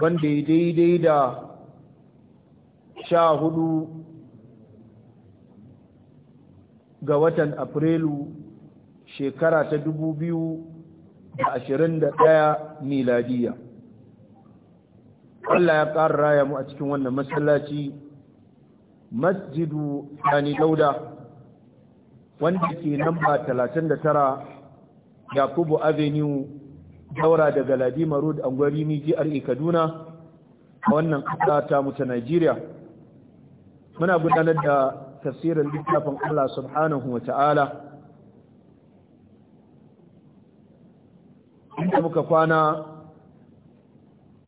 wanda ya daidai da sha hudu ga watan afrilu shekara ta dubu biyu da ashirin da ɗaya miladiya Allah ya ƙara raya mu a cikin wannan masallaci masjidu sani dauda wanda ke namba talatin da tara yakubu avenue daura daga Ladima Road Angwari Miji Arki Kaduna a wannan ƙasa ta mutu Najeriya muna gudanar da tafsirin littafin Allah subhanahu wa ta'ala inda muka kwana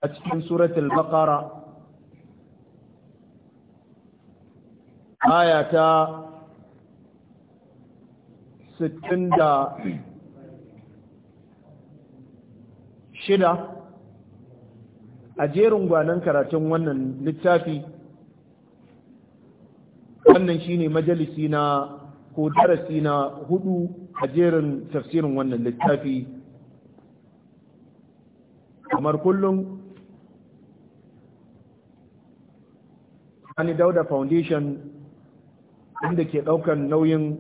a cikin suratul baqara aya ta da. shida a jerin gwanon karatun wannan littafi wannan shine majalisi na ko darasi na hudu a jerin tafsirin wannan littafi kamar kullum Sani Dauda Foundation inda ke ɗaukan nauyin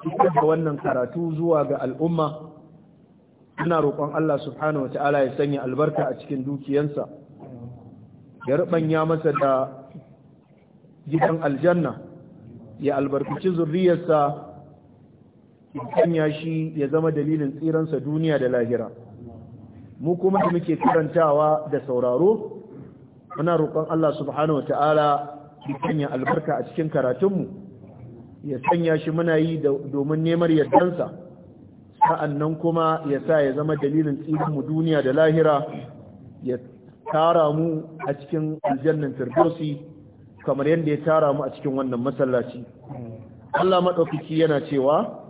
da wannan karatu zuwa ga al'umma ina roƙon Allah subhanahu wa ta'ala ya sanya albarka a cikin dukiyansa ya rubanya masa da gidan aljanna ya albarkaci zuriyarsa ya shi ya zama dalilin tsiransa duniya da lahira mu kuma da muke karantawa da sauraro muna roƙon Allah subhanahu wa ta'ala ya sanya albarka a cikin karatunmu ya sanya shi muna yi domin neman yardansa sa'annan kuma ya sa ya zama dalilin mu duniya da lahira ya tara mu a cikin aljannin firdausi kamar yadda ya tara mu a cikin wannan masallaci Allah maɗaukaki yana cewa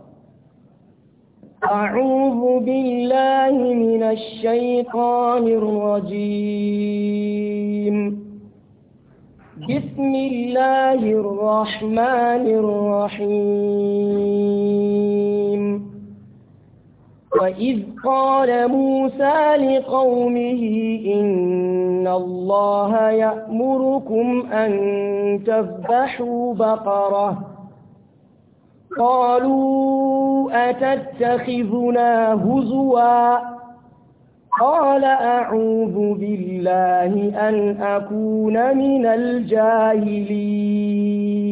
أعوذ بالله من الشيطان الرجيم بسم الله الرحمن الرحيم وَإِذْ قَالَ مُوسَى لِقَوْمِهِ إِنَّ اللَّهَ يَأْمُرُكُمْ أَن تَذْبَحُوا بَقَرَةً قَالُوا أَتَتَّخِذُنَا هُزُوًا قَالَ أَعُوذُ بِاللَّهِ أَنْ أَكُونَ مِنَ الْجَاهِلِينَ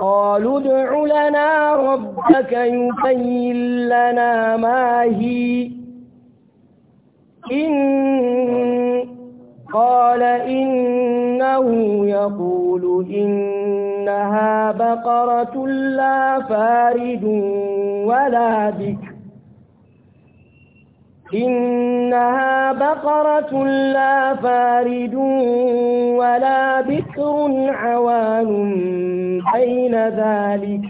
قالوا ادع لنا ربك يبين لنا ما هي إن قال إنه يقول إنها بقرة لا فارد ولا ذكر إنها بقرة لا فارد ولا بكر عوان بين ذلك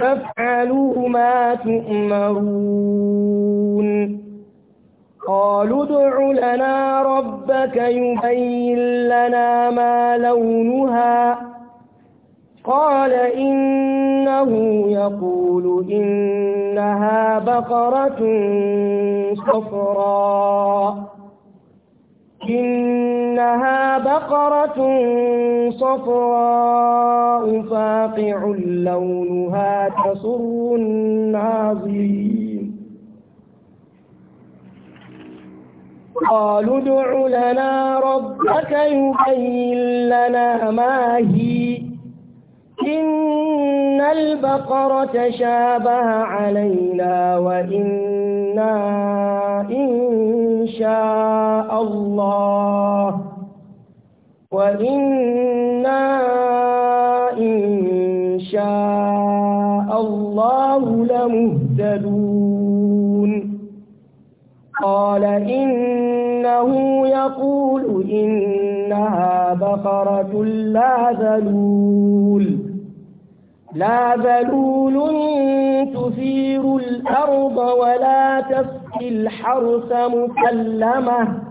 فافعلوا ما تؤمرون قالوا ادع لنا ربك يبين لنا ما لونها قال إنه يقول إن إنها بقرة صفراء إنها بقرة صفراء فاقع لونها تسر الناظرين قالوا ادع لنا ربك يبين لنا ما هي إن البقرة تشابه علينا وإنا إن شاء الله وإنا إن شاء الله لمهتدون قال إنه يقول إنها بقرة لا ذلول لا ذلول تثير الأرض ولا تسقي الحرث مسلمة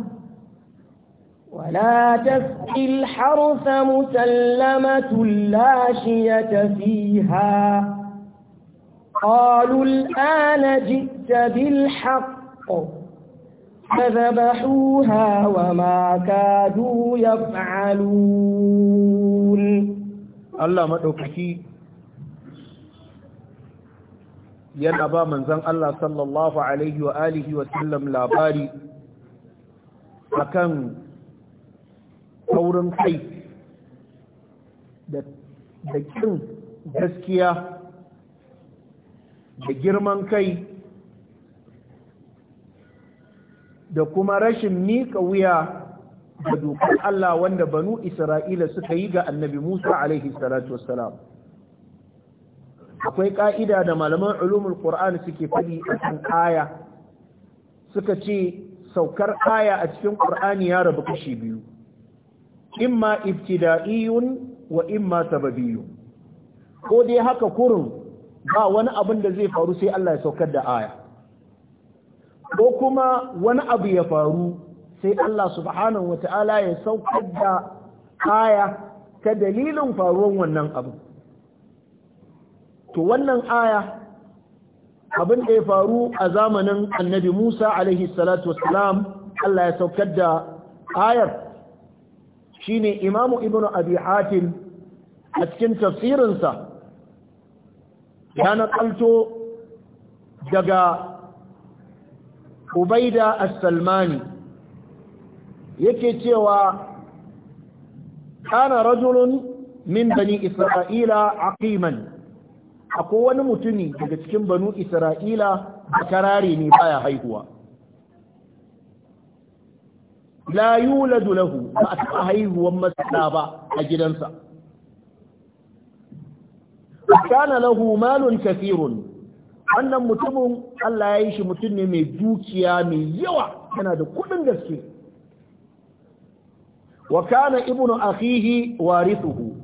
ولا تسقي الحرث مسلمة لا شية فيها قالوا الآن جئت بالحق فذبحوها وما كادوا يفعلون الله مدوكي yana ba manzan Allah sallallahu alaihi wa alihi wa sallam labari akan taurin kai da kin gaskiya da girman kai da kuma rashin miƙa wuya da dokar Allah wanda banu Isra'ila suka yi ga annabi Musa alaihi salatu wassalam. akwai ka'ida da malaman ulumul qur'an suke faɗi a kan aya suka ce saukar aya a cikin qur'ani ya rabu kashi biyu imma ibtida'iyun wa imma sababiyun ko dai haka kurun ba wani abin da zai faru sai Allah ya saukar da aya ko kuma wani abu ya faru sai Allah subhanahu wata'ala ya saukar da aya ta dalilin faruwar wannan abin. to wannan aya abin da ya faru a zamanin annabi Musa alaihi salatu wassalam Allah ya saukar da ayar shine imamu ibnu abi hatim a cikin tafsirinsa ya nakalto daga ubaida as-salmani yake cewa kana rajulun min bani isra'ila aqiman akwai wani mutumi daga cikin banu isra'ila da karare ne baya haihuwa la yuladu lahu ba a taɓa haihuwan masana ba a gidansa kana lahu malun kafirun wannan mutumin Allah ya yi shi mutum ne mai dukiya mai yawa yana da kudin gaske wa kana ibnu akhihi warithuhu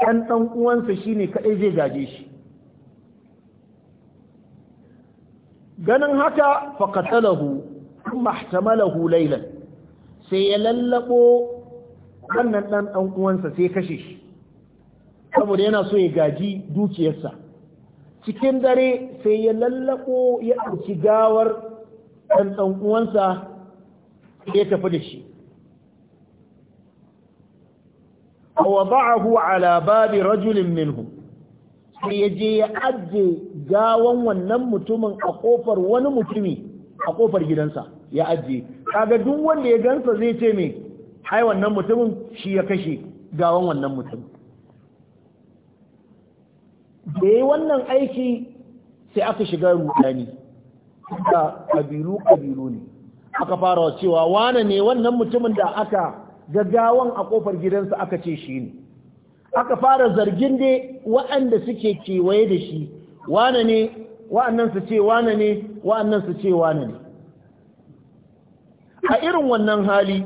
'yan ɗan uwansa shine kaɗai zai gaje shi ganin haka faqatalahu kuma ihtamalahu laylan sai ya lallaɓo wannan ɗan dan uwansa sai kashe shi saboda yana so ya gaji dukiyarsa cikin dare sai ya lallaɓo ya ɗauki gawar ɗan dan uwansa ya tafi da shi ووضعه على باب رجل منهم sai ya je ya ajiye gawan wannan mutumin a kofar wani mutumi a kofar gidansa ya ajiye kaga duk wanda ya gansa zai ce me ai wannan mutumin shi ya kashe gawan wannan mutumin da yi wannan aiki sai aka shiga rudani da kabilu kabilu ne aka fara cewa wane ne wannan mutumin da aka gaggawan a kofar gidansa aka ce shi ne aka fara zargin dai waɗanda suke kewaye da shi wane ne wa'annan su ce wane ne wa'annan su ce wane ne a irin wannan hali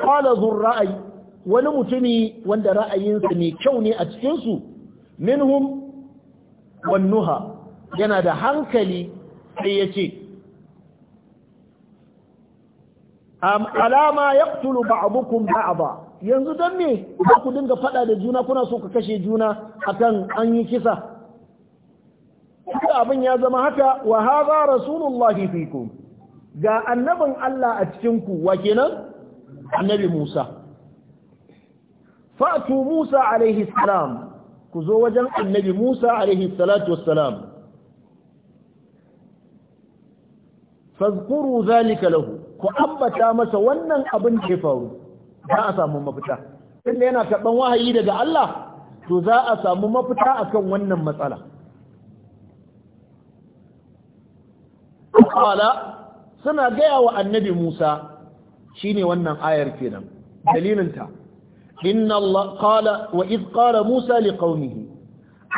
qala ra'ayi wani mutumi wanda ra'ayinsa ne kyau ne a cikinsu, su minhum wannuha yana da hankali sai ya ce am alama yaqtulu ba'dukum ba. yanzu dan me ba ku dinga fada da juna kuna so ku kashe juna akan an yi kisa abin ya zama haka wa hadha rasulullahi fikum ga annabin Allah a cikin ku wa kenan annabi Musa fa'tu Musa alaihi salam ku zo wajen annabi Musa alaihi salatu wassalam fadhkuru dhalika lahu ku ambata masa wannan abin da ya faru za a samu mafita tunda yana karɓan wahayi daga Allah to za a samu mafita akan wannan matsala qala suna gaya wa annabi Musa shine wannan ayar kenan dalilinta inna Allah qala wa id qala Musa liqaumihi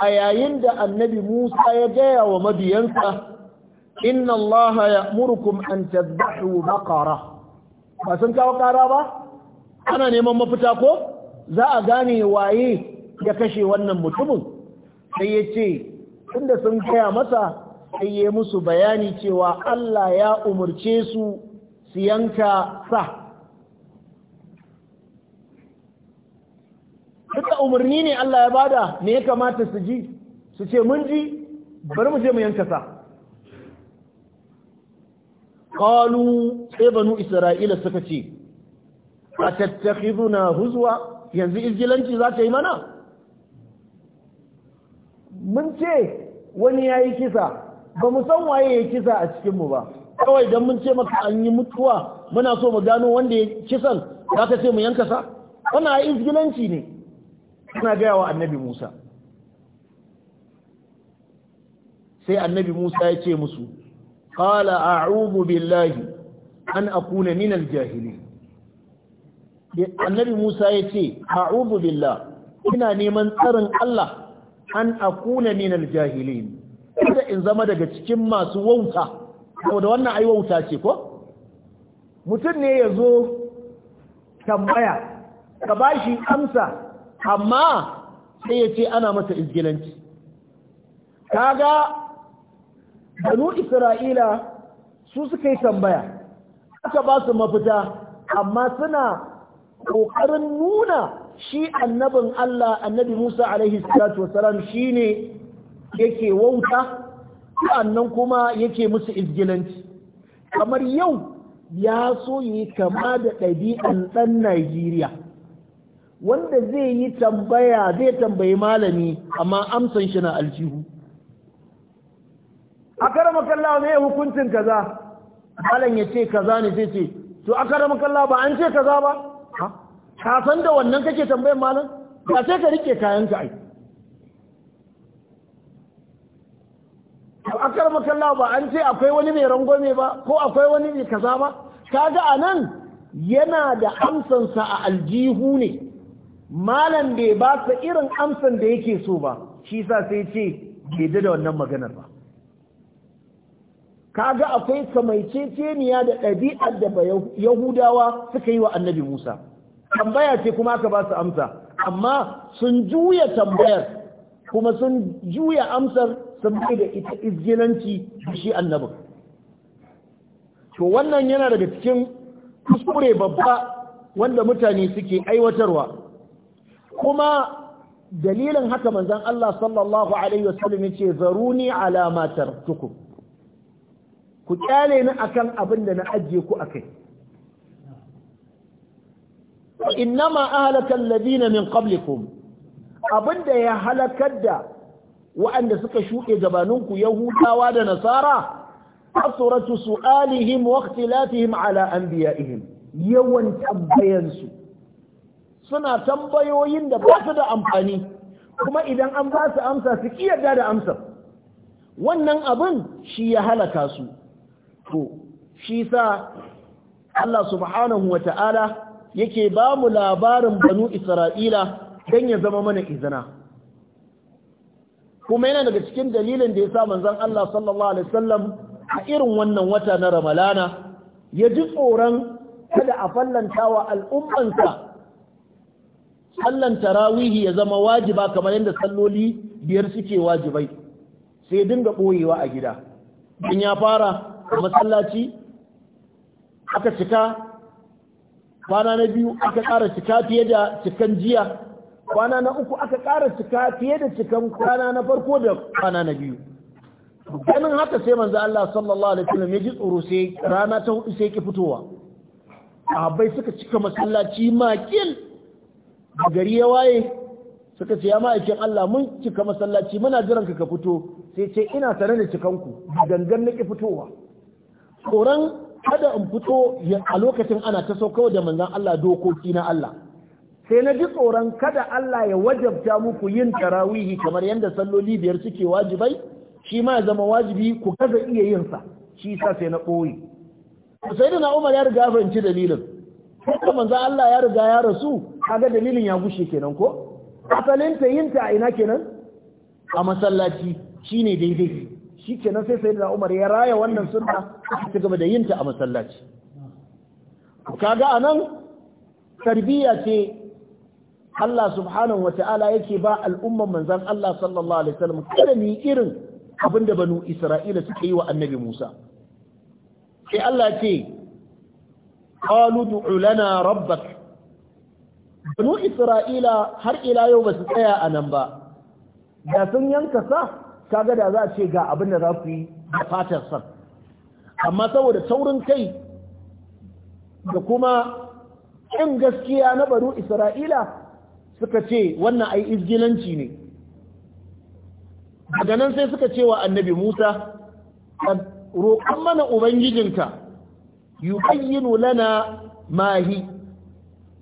ayayin da annabi Musa ya gaya wa mabiyansa inna Allah ya'murukum an tadhbahu baqara ba sun kawo kara ba ana neman mafita ko za a gane waye ya kashe wannan mutumin sai ya ce tunda sun kaya masa sai ya musu bayani cewa Allah ya umarce su su yanka sa duka umarni ne Allah ya bada me ya kamata su ji su ce mun ji bari mu je mu yanka sa قالوا sai banu isra'ila suka ce atattakhiduna huzwa yanzu izgilanci za ta yi mana mun ce wani yayi kisa ba mu san waye ya kisa a cikin mu ba kawai dan mun ce maka an yi mutuwa muna so mu gano wanda ya kisan za ka ce mu yanka sa wannan izgilanci ne suna gaya wa annabi Musa sai annabi Musa ya ce musu qala a'udhu billahi an akuna min jahilin annabi Musa ya ce a'udhu billah ina neman tsarin Allah an akuna min jahilin kada in zama daga cikin masu wauta da wannan ai wauta ce ko mutum ne ya zo tambaya ka bashi amsa amma sai ya ce ana masa izgilanci kaga banu isra'ila su suka yi tambaya aka ba su mafita amma suna ƙoƙarin nuna shi annabin Allah annabi Musa alaihi salatu wasalam ne yake wauta sannan kuma yake musu izgilanci kamar yau ya so yi kama da ɗabi'an ɗan Najeriya wanda zai yi tambaya zai tambayi malami amma amsan shi na aljihu akarama kallah ne hukuncin kaza malam ya ce kaza ne sai ce to akarama kallah ba an ce kaza ba ka san da wannan kake tambayar malam ka sai ka rike kayan ka ai to akarama kallah ba an ce akwai wani mai rangwame ba ko akwai wani mai kaza ba kaga anan yana da amsansa a aljihu ne malam bai ba irin amsan da yake so ba shi sa sai ce bai da wannan maganar ba kaga akwai kamaiceceniya da ɗabi'ar da yahudawa suka yi wa annabi musa tambaya ce kuma aka ba su amsa amma sun juya tambayar kuma sun juya amsar sun bai da ita izgilanci da shi annabin to wannan yana daga cikin kuskure babba wanda mutane suke aiwatarwa kuma dalilin haka manzon Allah sallallahu alaihi wasallam yace zaruni ala ma tarkukum ku kyale ni akan abin da na ajiye ku akai innama ahlaka ladina min qablikum abinda ya halakar da wa'anda suka shuke gabaninku yahudawa da nasara asuratu su'alihim wa ikhtilafihim ala anbiya'ihim yawan tambayansu suna tambayoyin da ba su da amfani kuma idan an ba su amsa su kiyarda da amsar wannan abin shi ya halaka su to shi sa Allah subhanahu wa ta'ala yake ba mu labarin banu Isra'ila don ya zama mana izina. Kuma yana daga cikin dalilin da ya sa manzan Allah sallallahu Alaihi wasallam a irin wannan wata na Ramalana ya ji tsoron kada a fallanta wa al'ummansa sallan tarawihi ya zama wajiba kamar yadda salloli biyar suke wajibai sai dinga ɓoyewa a gida. In ya fara masallaci aka cika kwana na biyu aka ƙara cika fiye da cikan jiya kwana na uku aka ƙara cika fiye da cikan kwana na farko da kwana na biyu ganin haka sai manzo Allah sallallahu alaihi wasallam ya ji tsoro sai rana ta hudu sai ki fitowa abai suka cika masallaci makil da gari ya waye suka ce ya ma'aikin Allah mun cika masallaci muna jiran ka ka fito sai ce ina sanar da cikanku gangan nake fitowa tsoron kada in fito a lokacin ana ta sauka da manzan Allah dokoki na Allah sai na ji tsoron kada Allah ya wajabta muku yin tarawihi kamar yadda salloli biyar suke wajibai shi ma zama wajibi ku kaza iya yin sa shi sa sai na ɓoye sai da na Umar ya riga fahimci dalilin kuma manzan Allah ya riga ya rasu kaga dalilin ya gushe kenan ko asalin ta yin ta a ina kenan a masallaci shine daidai shi kenan sai sai da Umar ya raya wannan sunna aka ci gaba da yinta a masallaci kaga anan tarbiyya ce Allah subhanahu ta'ala yake ba al'umman manzan Allah sallallahu alaihi wasallam kada mu yi irin abin da banu Isra'ila suka yi wa Annabi Musa sai Allah ce qalu Rabak. lana rabbak banu Isra'ila har ila yau basu tsaya a nan ba da sun yanka sa kaga da za a ce ga abin da za ku yi da fatar sa amma saboda saurin kai da kuma ƙin gaskiya na baro isra'ila suka ce wannan ai izgilanci ne daga nan sai suka ce wa annabi musa roƙon mana ubangijinka yubayyinu lana mahi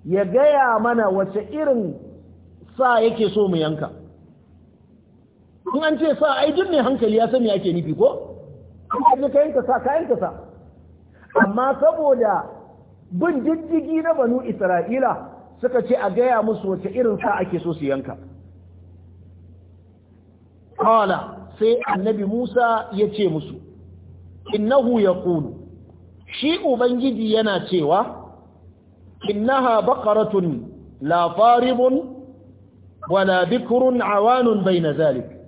ya gaya mana wace irin sa yake so mu yanka in an ce sa ai duk ne hankali ya sani ake nufi ko in ka kayan sa kayan ka sa amma saboda bin diddigi na banu isra'ila suka ce a gaya musu wace irin sa ake so su yanka kala sai annabi musa ya ce musu innahu ya ƙunu, shi ubangiji yana cewa innaha baqaratun la faribun wala bikrun awanun bayna zalik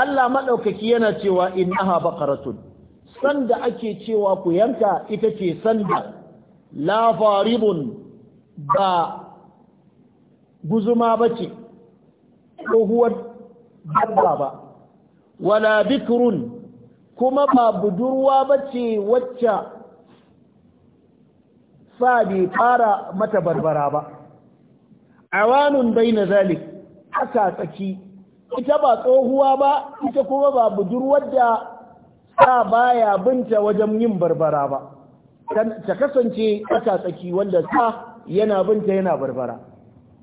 Allah maɗaukaki yana cewa innaha baqaratun sanda ake cewa ku yanka ita ce sanda la faribun ba guzuma bace ko huwa dabba ba wala bikrun kuma ba budurwa bace wacce sa bai fara mata barbara ba awanun bayna zalik haka tsaki ita ba tsohuwa ba ita kuma ba budurwar da sa baya binta wajen yin barbara ba ta kasance tsaka tsaki wanda sa yana binta yana barbara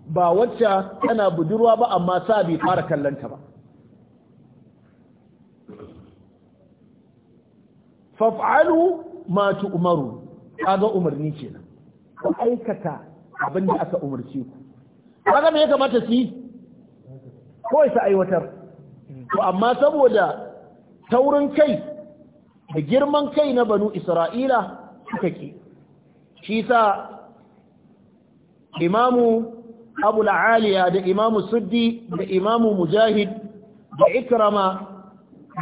ba wacce tana budurwa ba amma sa bai fara kallanta ba faf'alu ma tu'maru kaga umarni kenan ku aikata abin da aka umarci ku kaga me ya kamata su yi kawai su aiwatar to amma saboda taurin kai da girman kai na banu isra'ila suka ki shi sa imamu abu la'aliya da imamu suddi da imamu mujahid da ikrama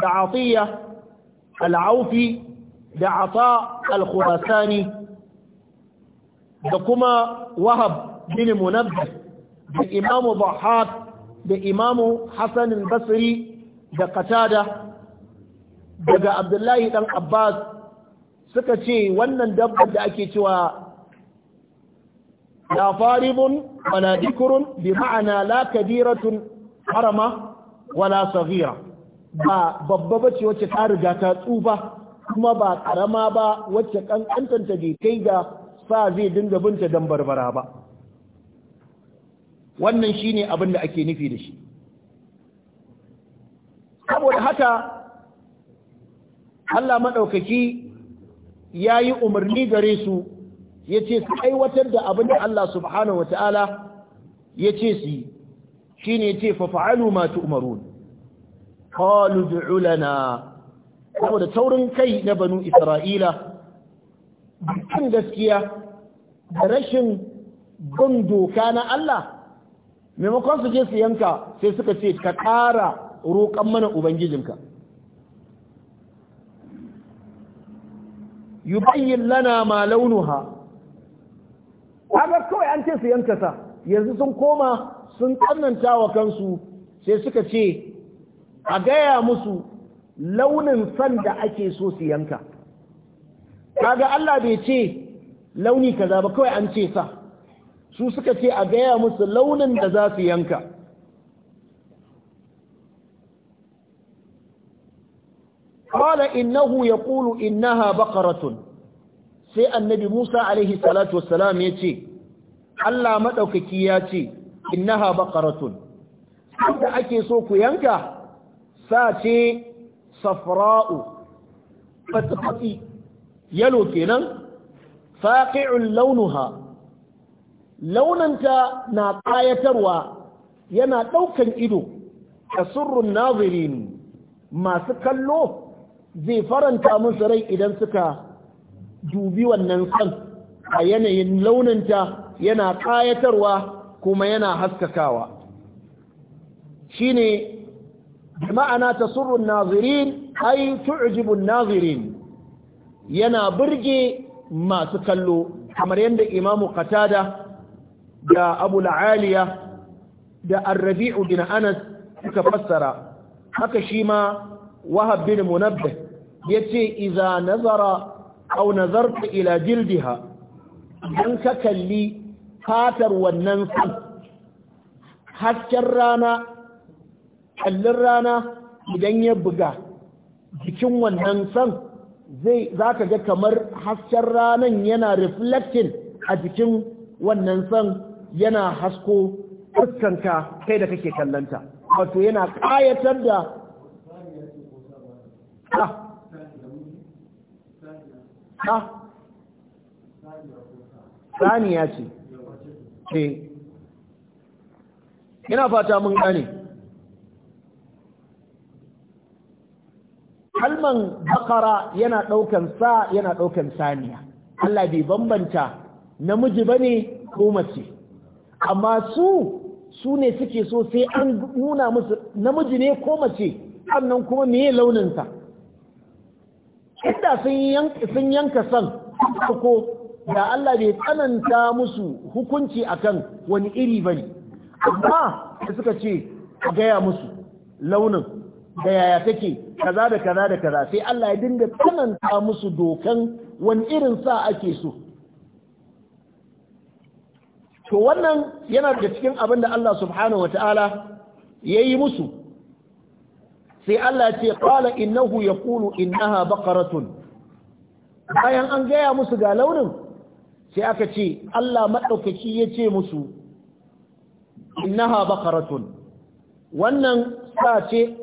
da atiyya al'aufi da ata al-khurasani da kuma wahab bin munabbih da imamu bahab da imamu hassan al-basri da qatada daga abdullahi dan abbas suka ce wannan dabbar da ake cewa la faribun wala dikurun bi ma'ana la kabiratun harama wala saghira ba babba bace wacce ta riga ta tsufa kuma ba karama ba wacce kankantanta bai kai ga sa zai dinga binta dan barbara ba wannan shine abin da ake nufi da shi saboda haka Allah maɗaukaki ya yi umarni gare su ya ce su aiwatar da abin da Allah subhanahu wa ta'ala ya ce su yi shi ne ce fafa'alu matu umarun kalu du'ulana saboda taurin kai na banu isra'ila dukkan gaskiya da rashin bin doka na Allah maimakon su je su yanka sai suka ce ka ƙara roƙon mana ubangijinka yubayyin lana ma launuha kaga kawai an ce su yanka sa yanzu sun koma sun tsananta wa kansu sai suka ce a gaya musu launin san da ake so su yanka kaga Allah bai ce launi kaza ba kawai an ce sa su suka ce a gaya musu launin da za su yanka qala innahu yaqulu innaha baqaratun sai annabi Musa alaihi salatu wassalam yace Allah maɗaukaki madaukaki yace innaha baqaratun da ake so ku yanka sace safra'u fatfati yalo kenan faqi'un launuha launanta na ƙayatarwa yana ɗaukan ido a surrun nazirin masu kallo zai faranta musu rai idan suka dubi wannan san a yanayin launanta yana ƙayatarwa kuma yana haskakawa Shi shine ma'ana ta surrun nazirin ai tu'jibun nazirin yana burge masu kallo kamar yadda imamu qatada da abu la'aliya da arrabi'u bin anas suka fassara haka shi ma wahab bin munabbih yace idza nazara aw nazarta ila jildiha dan ka kalli fatar wannan sun hasken rana kallin rana idan ya buga jikin wannan san zai za ka ga kamar hasken ranan yana reflecting a jikin wannan san yana hasko fuskanka kai da kake kallanta wato yana ƙayatar da ha saniya ce ce eh. ina fata mun gane kalman bakara yana ɗaukan sa yana ɗaukan saniya Allah bai bambanta namiji bane ko mace amma su su ne suke so sai an nuna musu namiji ne ko mace sannan kuma meye launinsa inda sun yanka san ko da Allah bai tsananta musu hukunci akan wani iri ba ne amma da suka ce gaya musu launin da yaya take kaza da kaza da kaza sai Allah ya dinga tsananta musu dokan wani irin sa ake so to wannan yana da cikin abin da Allah subhanahu wataala ya yi musu sai Allah ce qala innahu yaqulu innaha bakaratun bayan an gaya musu ga launin sai aka ce Allah maɗaukaki ya ce musu innaha bakaratun wannan sa ce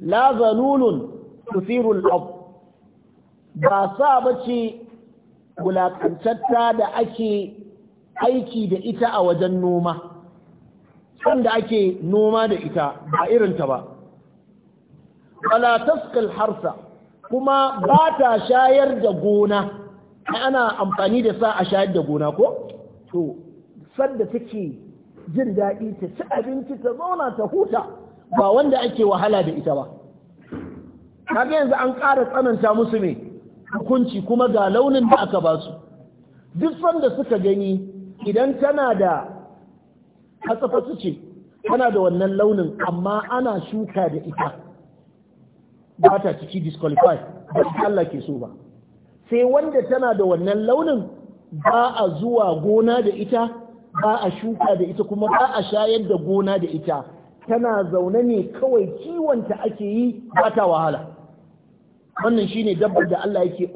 la zalulun tuthiru al ba sa bace wulakantatta da ake aiki da ita a wajen noma sanda ake noma da ita ba irinta ba Bala taskal harsa kuma ba ta shayar da gona ana amfani da sa a shayar da gona ko to sanda take jin daɗi ta ci abinci ta zauna ta huta ba wanda ake wahala da ita ba kaga yanzu an ƙara tsananta musu ne hukunci kuma ga launin da aka ba su duk sanda suka gani idan tana da katsafa ce tana da wannan launin amma ana shuka da ita ba ta ciki disqualify ba ta Allah ke so ba sai wanda tana da wannan launin ba a zuwa gona da ita ba a shuka da ita kuma ba a shayar da gona da ita tana zaune ne kawai kiwonta ake yi ba ta wahala wannan shine dabbar da Allah yake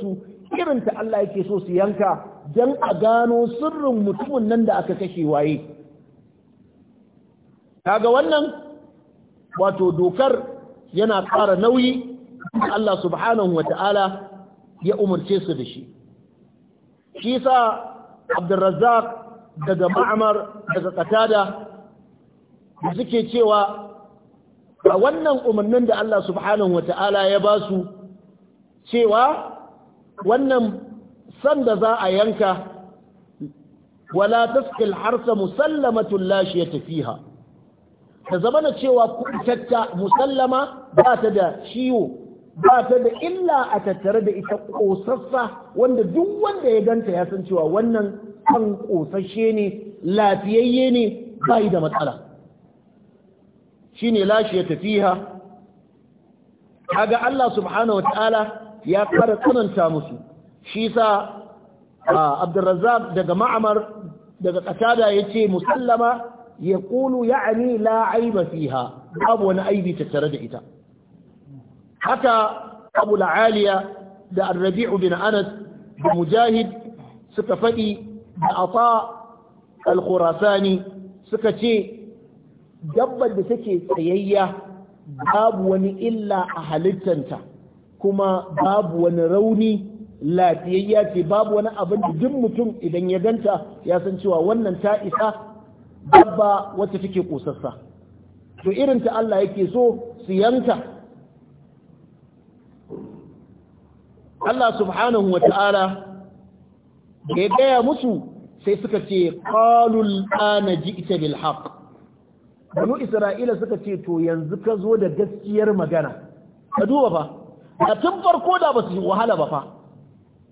su, irin ta Allah yake so su yanka don a gano sirrin mutumin nan da aka kashe waye kaga wannan wato dokar yana ƙara nauyi Allah subhanahu wa ta'ala ya umarce su da shi shi sa abdurrazzak daga ma'amar daga ƙatada da suke cewa a wannan umarnin da Allah subhanahu wa ta'ala ya ba su cewa wannan sanda za a yanka wala taskil harsa musallamatun lashi ya tafiha ta zama na cewa kutatta musallama ba ta da ciwo ba ta da illa a tattare da ita ƙosassa wanda duk wanda ya ganta ya san cewa wannan kan ƙosashe ne lafiyayye ne yi da matsala shi ne lashi ya tafiha kaga Allah subhanahu wa ta'ala ya fara tsananta musu shi sa abdurrazzab daga ma'amar daga ya ce musallama ya ya ya'ni la aiba fiha babu wani aibi tattare da ita haka abu la'aliya da arrabi'u bin anas da mujahid suka faɗi da afa al-khurasani suka ce dabbar da take tsayayya babu wani illa a halittanta kuma babu wani rauni lafiyayya ce babu wani abin da duk mutum idan ya ganta ya san cewa wannan ta isa dabba wacce take kosassa to irin ta Allah yake so su yanka Allah subhanahu wa ta'ala da ya gaya musu sai suka ce qalul ana ji'ta bil haqq banu isra'ila suka ce to yanzu ka zo da gaskiyar magana ka duba fa a tun farko da ba su wahala ba fa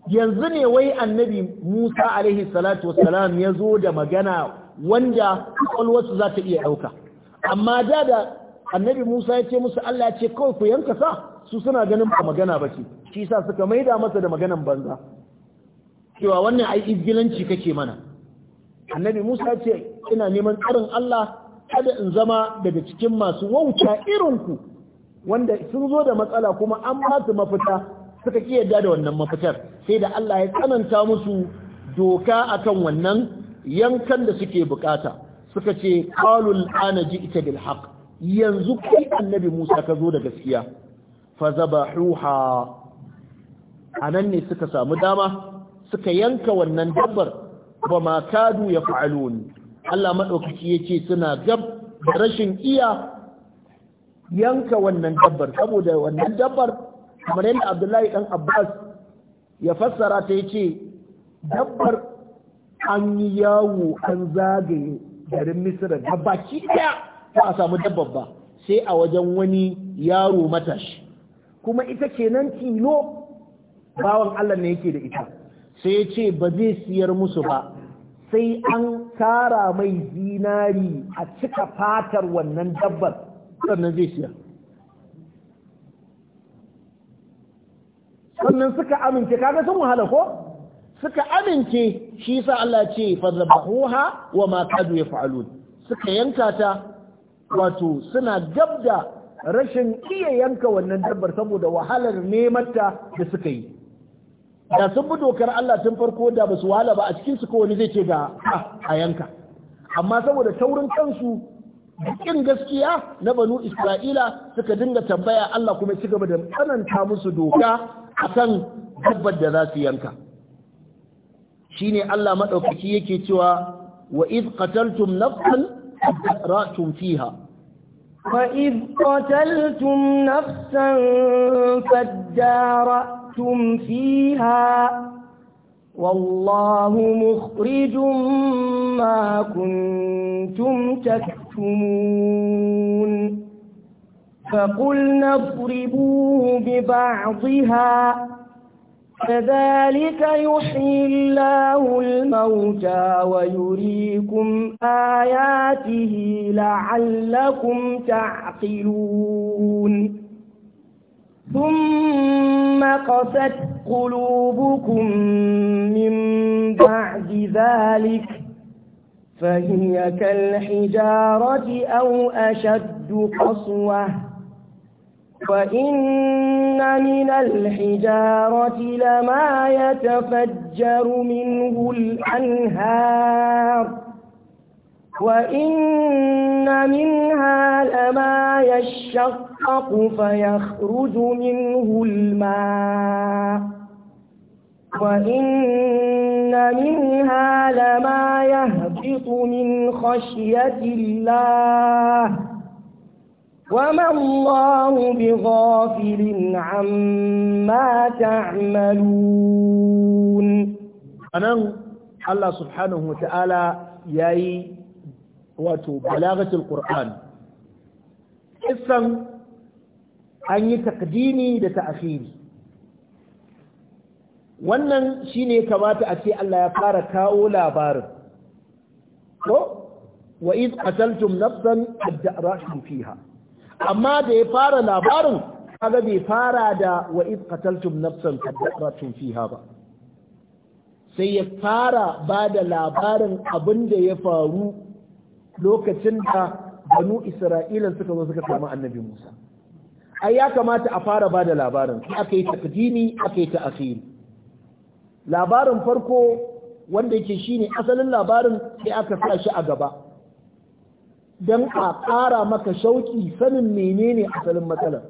yanzu ne wai annabi Musa alaihi salatu wassalam ya zo da magana wanda kwalwarsu za ta iya ɗauka amma da da annabi Musa ya ce musu Allah ce kawai ku yanka sa su suna ganin ba magana ba ce shi sa suka maida masa da maganan banza cewa wannan ai izgilanci kake mana annabi Musa ya ce ina neman tsarin Allah kada in zama daga cikin masu wauta irin ku wanda sun zo da matsala kuma an ba su mafita suka ki yadda da wannan mafitar sai da Allah ya tsananta musu doka akan wannan yankan da suke bukata suka ce qalul ana ita bil haƙ. yanzu kai annabi Musa ka zo da gaskiya fa a anan ne suka samu dama suka yanka wannan dabbar ba ma kadu ya fa'aloni Allah ya ce suna gab da rashin iya yanka wannan dabbar saboda wannan dabbar kamar yadda abdullahi dan abbas ya fassara ta yace dabbar an yi yawo an zagaye garin misira da baki daya ba a samu dabbar ba sai a wajen wani yaro matashi kuma ita kenan tilo bawan allah ne yake da ita sai ya ce ba zai siyar musu ba sai an tara mai zinari a cika fatar wannan dabbar sannan zai siyar sannan suka amince kaga sun wahala ko suka amince shi yasa Allah ya ce hoha wa ma kadu yaf'alun suka yanka ta wato suna gabda rashin iya yanka wannan dabbar saboda wahalar neman ta da suka yi da sun bi dokar Allah tun farko da basu wahala ba a cikin su ko wani zai ce ga ah, a yanka amma saboda taurin kansu dukkin gaskiya na banu isra'ila suka dinga tambaya Allah kuma ci gaba da tsananta musu doka a kan dabbar da za su yanka shine Allah maɗaukaki yake cewa wa iz qataltum nafsan ra'tum fiha wa iz qataltum nafsan faddara'tum fiha والله مخرج ما كنتم تكتمون تكتمون فقلنا اضربوه ببعضها كذلك يحيي الله الموتى ويريكم آياته لعلكم تعقلون ثم قست قلوبكم من بعد ذلك فهي كالحجارة أو أشد قسوة وإن من الحجارة لما يتفجر منه الأنهار وإن منها لما يشقق فيخرج منه الماء وإن منها لما يهبط من خشية الله وما الله بغافل عما تعملون أنا الله سبحانه وتعالى ياي wato balagatul qur'an kissan an yi takdimi da ta'khiri wannan shine kamata a ce Allah ya fara kawo labarin ko wa iz qataltum nafsan adra'tum fiha amma da ya fara labarin kaga bai fara da wa iz qataltum nafsan adra'tum fiha ba sai ya fara ba da labarin abin da ya faru lokacin da banu isra'ila suka zo suka samu annabi musa ai ya kamata a fara ba da labarin aka yi takdimi aka yi ta'akhiri labarin farko wanda yake shine asalin labarin sai aka sa shi a gaba don a ƙara maka shauki sanin menene asalin matsalar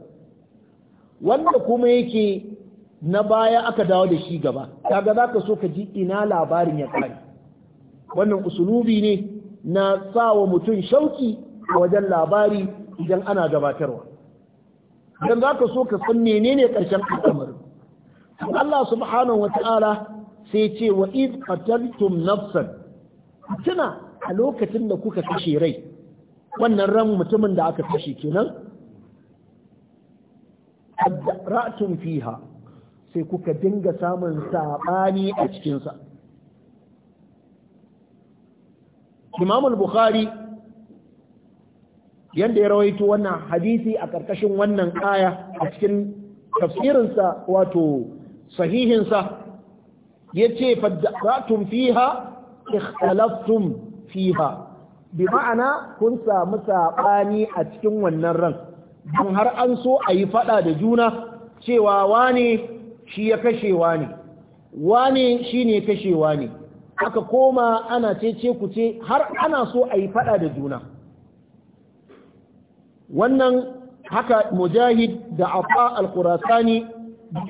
wanda kuma yake na baya aka dawo da shi gaba kaga za ka so ka ji ina labarin ya ƙari wannan usulubi ne na sawa mutum shauki a wajen labari idan ana gabatarwa Don za ka so ka san menene ƙarshen al'amarin Allah subhanahu wa ta'ala sai ce wa id qataltum nafsan tuna a lokacin da kuka kashe rai wannan ran mutumin da aka kashe kenan ra'atun fiha sai kuka dinga samun saɓani a cikinsa Imam al-Bukhari yadda ya rawaito wannan hadisi a ƙarƙashin wannan aya a cikin tafsirinsa wato sahihinsa ya ce fadda'atun fiha ikhtalaftum fiha bi ma'ana kun samu saɓani a cikin wannan ran don har an so a yi faɗa da juna cewa wane shi ya kashe wane wane shi ne kashe wane aka koma ana cece ku ce har ana so a yi faɗa da juna wannan haka mujahid da afa al-qurasani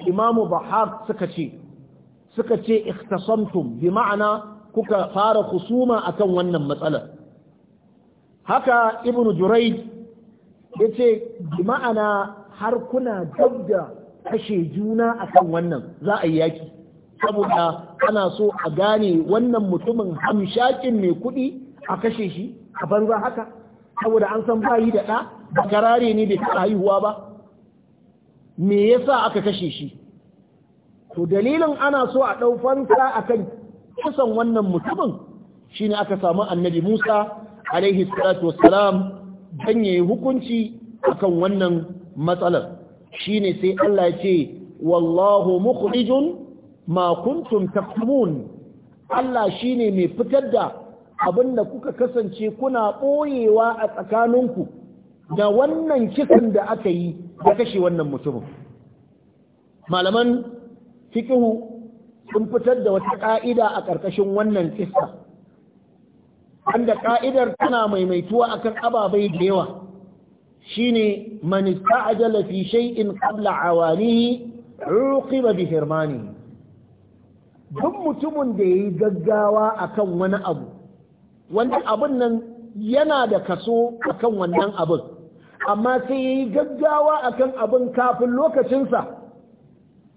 imamu bahar suka ce suka ce ikhtasamtum bi ma'ana kuka fara kusuma akan wannan matsalar haka ibnu jurayd yace bi ma'ana har kuna dabda kashe juna akan wannan za a yi yaki saboda ana so a gane wannan mutumin hamshakin mai kuɗi a kashe shi a banza haka saboda an san bayi da ɗa ba karare ne bai taɓa haihuwa ba me yasa aka kashe shi to dalilin ana so a ɗau a akan kusan wannan mutumin shine aka samu annabi Musa alaihi salatu wassalam dan yayi hukunci akan wannan matsalar shine sai Allah ya ce wallahu mukhrijun ma kuntum taktumun Allah shine mai fitar da abinda kuka kasance kuna ɓoyewa a tsakaninku da wannan kisan da aka yi da kashe wannan mutumin malaman fikihu sun fitar da wata ƙa'ida a ƙarƙashin wannan kisa, wanda ƙa'idar tana maimaituwa akan ababai da yawa Shi ne shine man ista'jala fi ƙabla qabla awanihi uqiba bi hirmani duk mutumin da ya yi gaggawa akan wani abu wanda abun nan yana da kaso akan wannan abin amma sai yayi yi gaggawa akan abin kafin lokacinsa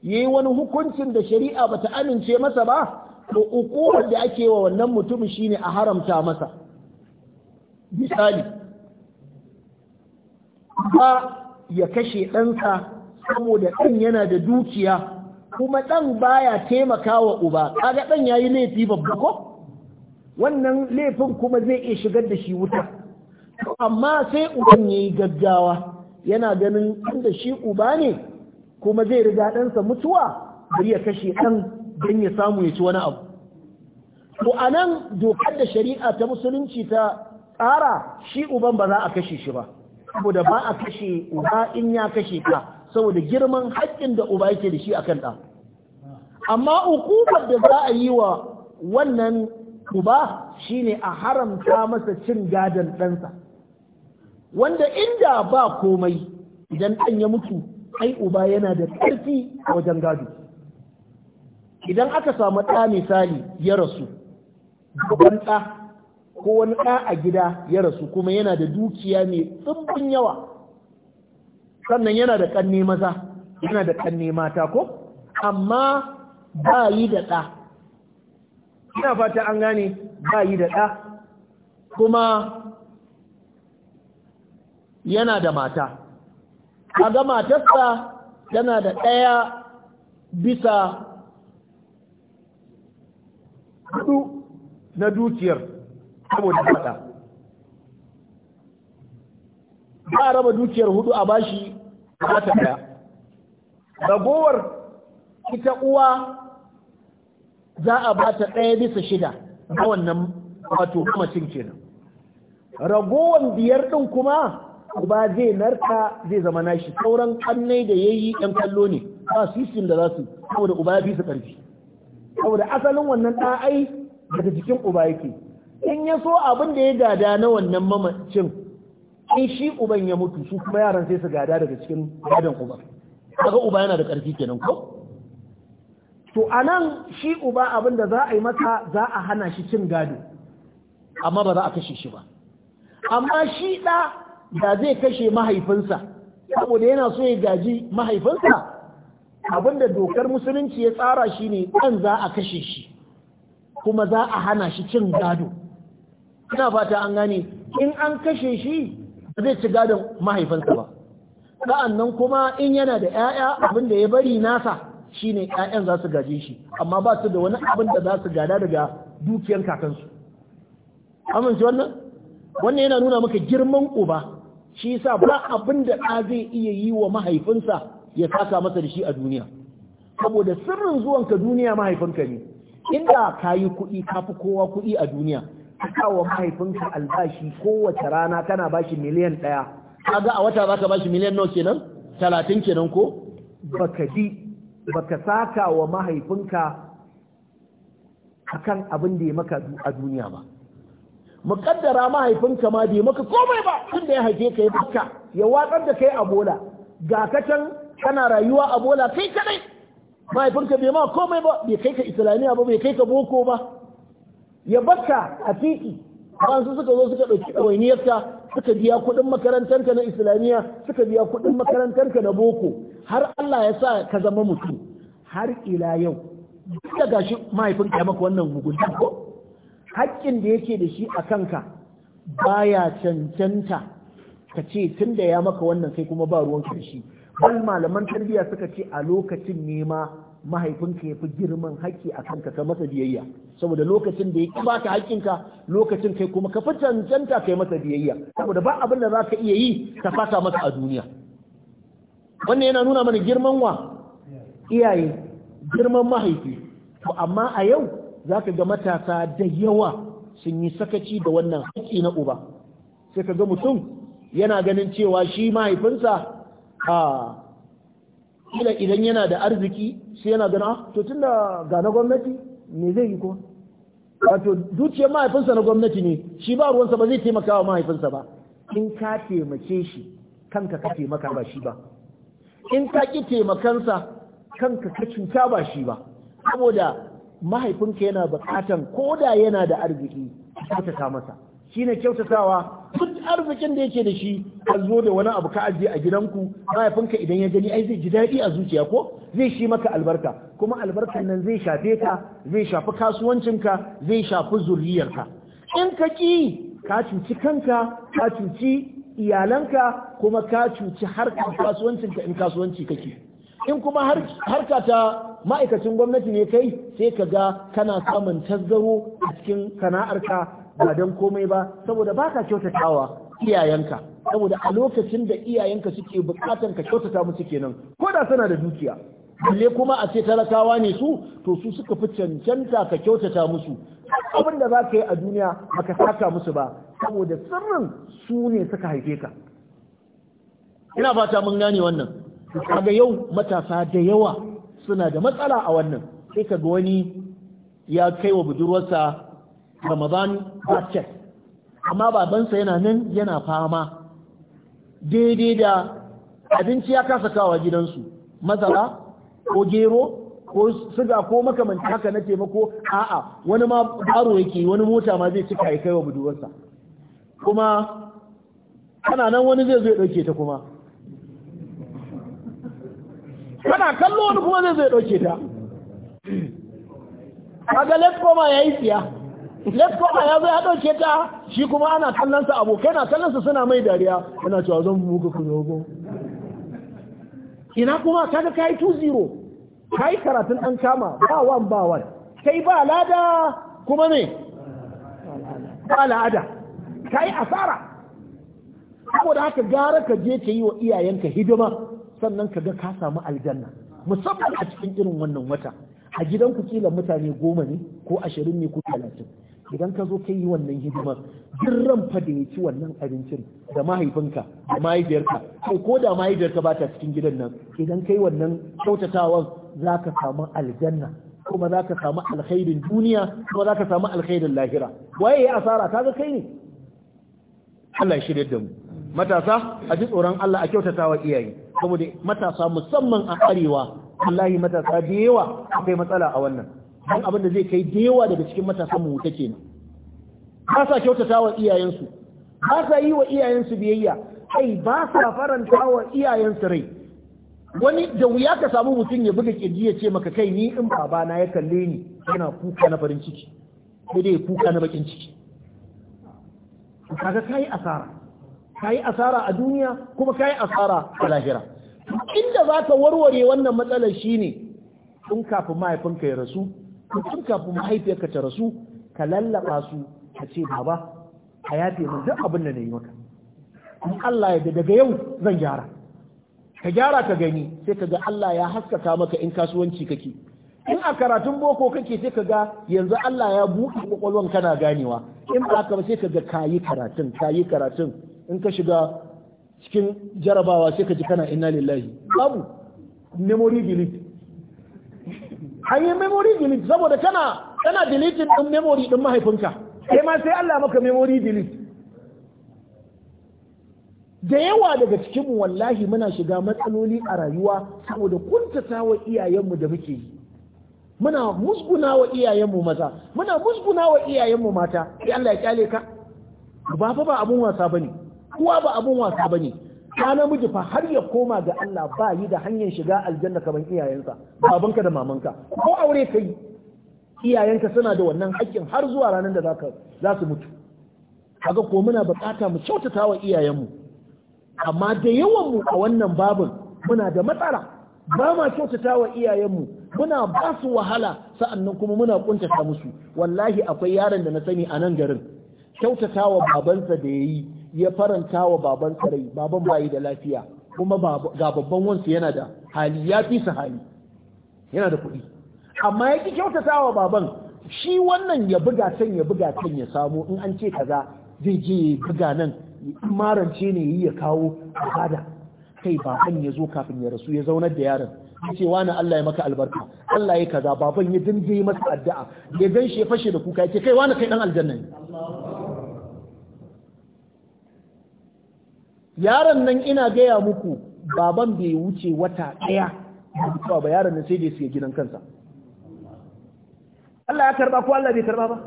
ya yi wani hukuncin da shari'a bata amince masa ba to ukuwar da ake wa wannan mutumin shine a haramta masa misali ba ya kashe ɗansa saboda ɗan yana da dukiya kuma ɗan baya taimakawa uba kaga ɗan yayi laifi babba ko wannan laifin kuma zai iya shigar da shi wuta amma sai uban ya yi gaggawa yana ganin inda shi uba ne kuma zai riga ɗansa mutuwa bari ya kashe ɗan don ya samu ya ci wani abu to a dokar da shari'a ta musulunci ta tsara shi uban ba za a kashe shi ba saboda ba a kashe uba in ya kashe ka saboda girman haƙƙin da uba yake da shi a kan ɗan amma hukumar da za a yi wa wannan uba shine a haramta masa cin gadon ɗansa wanda inda ba komai idan ɗan ya mutu ai uba yana da ƙarfi a wajen gado idan aka samu ɗa misali ya rasu gaban ɗa ko wani ɗa a gida ya rasu kuma yana da dukiya mai tsibbin yawa sannan yana da ƙanne maza yana da ƙanne mata ko amma ba yi da ɗa ina fata an gane ba yi da ɗa kuma yana da mata kaga matarsa yana da ɗaya bisa hudu na dukiyar saboda fada ba a raba dukiyar hudu a bashi mata ɗaya ragowar ita uwa za a ba ta ɗaya bisa shida na wannan wato cin kenan ragowar biyar ɗin kuma uba zai narka zai zama nashi sauran kannai da yayi yan kallo ne ba su yi da za su saboda uba ya fi su ƙarfi. saboda asalin wannan ɗa'ai ai daga jikin uba yake in ya so abin da ya gada na wannan mamacin in shi uban ya mutu su kuma yaran sai su gada daga cikin gadon uba kaga uba yana da ƙarfi kenan ko to anan shi uba abin da za a yi masa za a hana shi cin gado amma ba za a kashe shi ba amma shi ɗa da zai kashe mahaifinsa saboda yana so ya gaji mahaifinsa abinda dokar musulunci ya tsara shi ne ɗan za a kashe shi kuma za a hana shi cin gado ina fata an gane in an kashe shi zai ci gadon mahaifinsa ba nan kuma in yana da 'ya'ya abinda ya bari nasa shine 'ya'yan za su gaje shi amma ba su da wani abin da za su gada daga dukiyar kakansu amince wannan wannan yana nuna maka girman uba shi yasa ba abin da ɗa zai iya yi wa mahaifinsa ya saka masa da shi a duniya saboda sirrin zuwanka duniya mahaifinka ne inda ka yi kuɗi ka fi kowa kuɗi a duniya ka wa mahaifinka albashi kowace rana kana bashi miliyan ɗaya kaga a wata zaka bashi miliyan nawa kenan talatin kenan ko baka bi baka saka wa mahaifinka akan abin da ya maka a duniya ba muƙaddara mahaifinka ma bai maka komai ba tun da ya haife ka ya baka ya watsar da kai a bola ga ka kana rayuwa a bola kai kadai mahaifinka bai ma komai ba bai kai ka islamiyya ba bai kai ka boko ba ya baka a titi su suka zo suka ɗauki ɗawainiyarka suka biya kuɗin makarantarka na islamiyya suka biya kuɗin makarantarka na boko har Allah ya sa ka zama mutum har ila yau duk da gashi mahaifinka ya maka wannan mugunta ko haƙƙin da yake da shi a kanka baya cancanta ka ce tun da ya maka wannan sai kuma ba ruwan karshe wani malaman tarbiyya suka ce a lokacin nema mahaifinka ya fi girman haƙƙi a kanka ka masa biyayya saboda lokacin da ya ki baka haƙƙinka lokacin kai kuma ka fi cancanta kai masa biyayya saboda ba abin da za ka iya yi ka fasa masa a duniya wannan yana nuna mana girman wa iyaye girman mahaifi to amma a yau za ka ga matasa da yawa sun yi sakaci da wannan haƙƙi na uba sai ka ga mutum yana ganin cewa shi mahaifinsa a kila idan yana da arziki sai yana gana ah, to tun da ga na gwamnati me zai yi ko wato dukiyar mahaifinsa na gwamnati ne shi ba ruwansa ba zai taimaka wa mahaifinsa ba in ka taimake shi kanka ka taimaka ba shi ba in ka ki taimakansa kanka ka cuta ba shi ba saboda mahaifinka yana buƙatan da yana da arziki kyautata masa Shi shine kyautatawa duk arzikin da yake da shi ka zo da wani abu ka ajiye a gidanku mahaifinka idan ya gani ai zai ji daɗi a zuciya ko zai shi maka albarka kuma albarkan nan zai shafe ka zai shafi kasuwancinka zai shafi zuriyarka in ka ki ka cuci kanka ka cuci iyalanka kuma ka cuci harkar kasuwancinka in kasuwanci kake in kuma harka ta ma'aikacin gwamnati ne kai sai ka ga kana samun tasgaro a cikin sana'arka ba don komai ba saboda ba ka kyautatawa iyayenka saboda a lokacin da iyayenka suke bukatar ka kyautata musu kenan ko da suna da dukiya balle kuma a ce talakawa ne su to su suka fi cancanta ka kyautata musu abin da za ka yi a duniya baka saka musu ba saboda sirrin su ne suka haife ka ina fata mun gane wannan kaga yau matasa da yawa suna da matsala a wannan sai ga wani ya kai wa budurwarsa ramadan basket amma babansa yana nan yana fama daidai da abinci ya kasa kawa gidansu matsala, ko gero ko siga ko makamanci haka na taimako a'a wani ma baro yake wani mota ma zai cika ya kai wa budurwarsa kuma kana nan wani zai zo ya ɗauke ta kuma kana kallo wani kuma zai zai ɗauke ta kaga let's ya yi siya let's ya zai ya ɗauke ta shi kuma ana kallonsa abokai na kallonsa suna mai dariya yana cewa zan muka ku zogo ina kuma kaga kai 2-0 kai karatun ɗan kama ba wan ba wan kai ba lada kuma ne ba lada kai asara saboda haka gara ka je ka yi wa iyayenka hidima sannan ka ga ka samu aljanna musamman a cikin irin wannan wata a gidanku kila mutane goma ne ko ashirin ne ko talatin idan ka zo ka yi wannan hidimar duk ran fa da ya wannan abincin da mahaifinka da mahaifiyarka kai ko da mahaifiyarka ba ta cikin gidan nan idan kai wannan kyautatawan za ka samu aljanna kuma za ka samu alkhairin duniya kuma za ka samu alkhairin lahira waye ya asara ga kai ne Allah ya shirye da mu matasa a ji tsoron Allah a kyautatawa iyaye saboda matasa musamman a arewa wallahi matasa da yawa akwai matsala a wannan don abin da zai kai da yawa daga cikin matasan mu take ne ba sa kyautata wa iyayensu ba sa yi wa iyayensu biyayya kai ba sa faranta wa iyayensu rai wani da wuya ka samu mutum ya buga kirji ya ce maka kai ni in babana ya kalle ni yana kuka na farin ciki sai dai kuka na bakin ciki kaga kai asara Kayi asara a duniya kuma kayi asara a lahira inda za ka warware wannan matsalar shi ne, tun kafin mahaifinka ya rasu tun kafin mahaifiyarka ta rasu ka lallaba su ka ce baba ka yafe min duk abin da na yi maka in Allah ya daga yau zan gyara ka gyara ka gani sai ka ga Allah ya haskaka maka in kasuwanci kake in a karatun boko kake sai ka ga yanzu Allah ya buɗe kwakwalwan kana ganewa in ba ka ba sai ka ga kayi karatun kayi karatun in ka shiga cikin jarabawa sai ka ji kana inna lillahi babu memory delete an yi memory delete saboda kana kana delete din memory din mahaifinka sai ma sai Allah maka memory delete da yawa daga cikinmu wallahi muna shiga matsaloli a rayuwa saboda kuntata wa iyayenmu da muke yi muna musguna wa iyayenmu maza muna musguna wa iyayenmu mata sai Allah ya kyale ka ba fa ba abun wasa bane kowa ba abun wasa ba ne. ta namiji fa har ya koma ga Allah ba yi da hanyar shiga aljanna kamar iyayensa babanka da mamanka ko aure ka yi. iyayenka suna da wannan haƙƙin har zuwa ranar da za su mutu kaga ko muna buƙata mu kyautata wa iyayenmu amma da yawan mu a wannan babin muna da matsala ba ma kyautata wa iyayenmu muna ba su wahala sa'annan kuma muna kuntata musu wallahi akwai yaron da na sani a nan garin kyautata wa babansa da ya yi. ya faranta wa baban sarai baban bayi da lafiya kuma ga babban wansu yana da hali ya fi su hali yana da kuɗi amma ya ki kyautata wa baban shi wannan ya buga can ya buga can ya samu in an ce kaza zai je ya buga nan in marance ne yi ya kawo a kai baban ya zo kafin ya rasu ya zaunar da yaron ya ce wani Allah ya maka albarka Allah ya kaza baban ya dinga yi masa addu'a ya gan shi ya fashe da kuka ya ce kai wani kai dan aljanna ne yaron nan ina gaya muku baban bai wuce wata ɗaya mutuwa ba yaron nan sai dai siya gidan kansa Allah ya karba ko Allah bai karba ba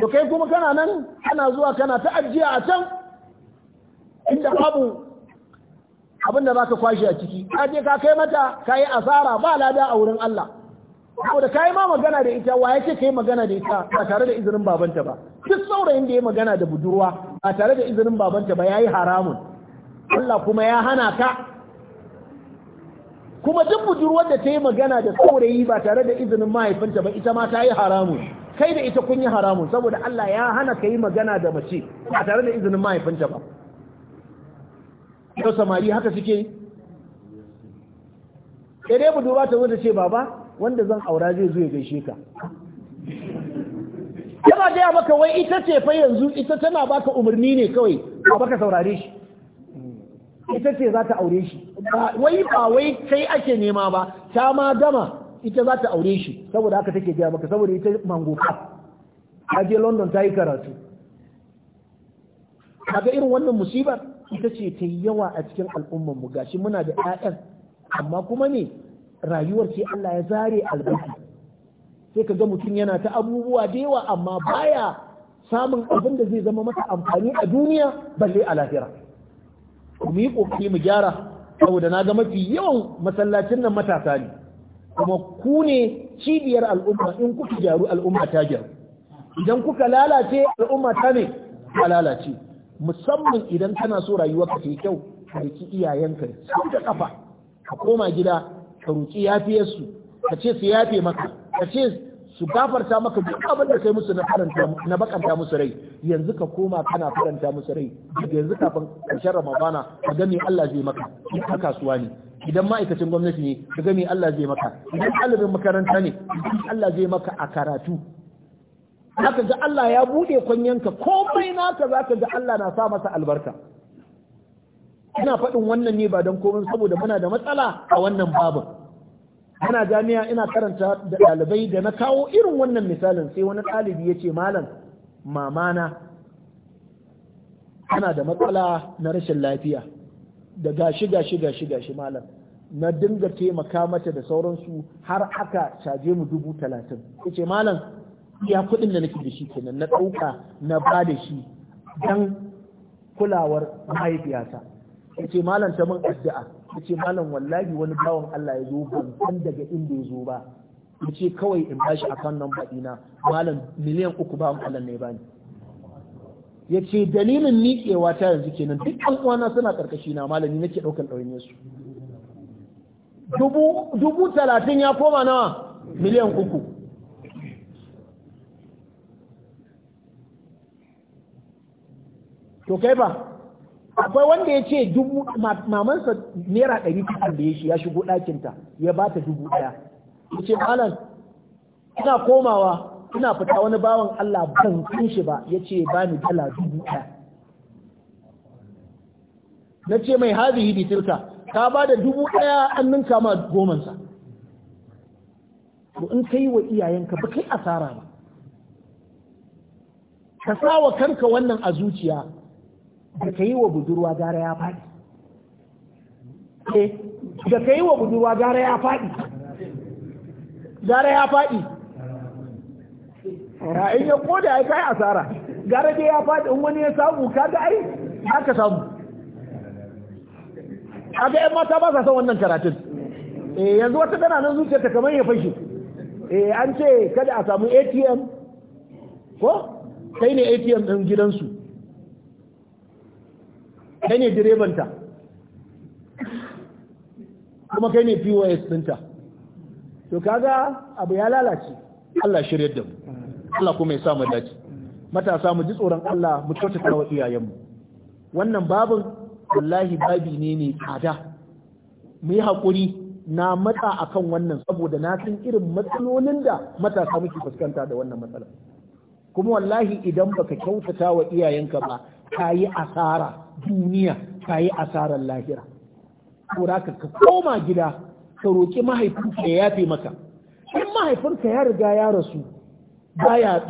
to kai kuma kana nan kana zuwa kana ta ajiya a can inda babu abinda zaka baka kwashe a ciki ka je ka kai mata ka asara ba lada a wurin Allah saboda yi ma magana da ita wa yake yi magana da ita ba tare da izinin babanta ba duk saurayin da ya magana da budurwa ba tare da izinin babanta ba Ya yi haramun Allah kuma ya hana ka kuma duk budurwar da ta yi magana da saurayi ba tare da izinin mahaifinta ba ita ma ta yi haramun kai da ita kun yi haramun saboda Allah ya hana ka yi magana da mace ba tare da izinin mahaifinta ba yau samari haka suke sai dai budurwa ta zo ta ce baba wanda zan aura zai zo ya gaishe ka yana gaya maka wai ita ce fa yanzu ita tana baka umarni ne kawai ba baka saurare shi ita ce za ta aure shi wai ba wai kai ake nema ba ta ma gama ita za ta aure shi saboda haka take gaya maka saboda ita mangoka ta je london ta yi karatu kaga irin wannan musibar ita ce ta yawa a cikin al'ummar mu gashi muna da 'ya'yan amma kuma ne rayuwar ce Allah ya zare albarki sai ka ga mutum yana ta abubuwa da yawa amma baya samun abin da zai zama masa amfani a duniya balle a lahira mu yi kokari mu gyara saboda na ga mafi yawan masallacin nan matasa ne kuma ku ne cibiyar al'umma in kuka gyaru al'umma ta gyaru idan kuka lalace al'umma ta ne ka lalace musamman idan kana so rayuwa ka kyau ka riki iyayenka su da kafa ka koma gida ka roƙi su ka ce su yafe maka ka ce su gafarta maka duk abin da kai musu na faranta na bakanta musu rai yanzu ka koma kana faranta musu rai daga yanzu kafin karshen ramadana ka ga me Allah zai maka in ka kasuwa ne idan ma'aikacin gwamnati ne ka ga me Allah zai maka idan ɗalibin makaranta ne Allah zai maka a karatu zaka ga Allah ya buɗe kwanyanka komai naka zaka ga Allah na sa masa albarka ina faɗin wannan ne ba don komai saboda muna da matsala a wannan babin ana jami'a ina karanta da ɗalibai da na kawo irin wannan misalin sai wani ɗalibi ya ce malam mamana ana da matsala na rashin lafiya da gashi gashi gashi gashi malam na dinga taimaka mata da sauransu har aka caje mu dubu talatin ya ce malam ya kuɗin da nake da shi kenan na ɗauka na ba da shi don kulawar mahaifiyata yace malam ta mun addu'a yace malam wallahi wani bawan Allah ya zo ban san daga inda ya zo ba yace kawai in bashi akan nan na malam miliyan uku bawan Allah ne bani yace dalilin miƙewa ta yanzu kenan duk ɗan uwana suna karkashi na malami nake daukan ɗauyin su dubu dubu talatin ya koma nawa miliyan uku to kai ba akwai wanda ya ce dubu mamansa naira ɗari cikin da ya shi ya shigo ɗakinta ya ba ta dubu ɗaya ya ce malam ina komawa ina fita wani bawan Allah ban san shi ba ya ce ba ni dala dubu ɗaya na ce mai yi bitirka ka ba da dubu ɗaya an ninka ma gomansa to in ka yi wa iyayenka ba kai asara ba ka sa wa kanka wannan a zuciya da ka yi wa budurwa gara ya faɗi eh da ka yi wa budurwa gara ya faɗi gara ya faɗi ra'ayin ya koda ya kai asara gara dai ya faɗi in wani ya samu ga ai haka samu kaga yan mata ba sa son wannan karatun eh yanzu wata tana nan zuciya ta kamar ya fashe eh an ce kada a samu ATM ko kai ne ATM din gidansu kai ne direbanta kuma kai ne pos ɗinta to kaga abu ya lalace Allah shirya da mu Allah kuma ya sa mu dace matasa mu ji tsoron Allah mu kyautata wa iyayenmu wannan babin wallahi babi ne ne tsada mu yi hakuri na matsa akan wannan saboda na san irin matsalolin da matasa muke fuskanta da wannan matsalar. kuma wallahi idan baka kyautata wa iyayenka ba ka yi asara duniya ka yi asarar lahira saboda ka ka koma gida ka roƙi mahaifinka ya yafe maka in mahaifinka ya riga ya rasu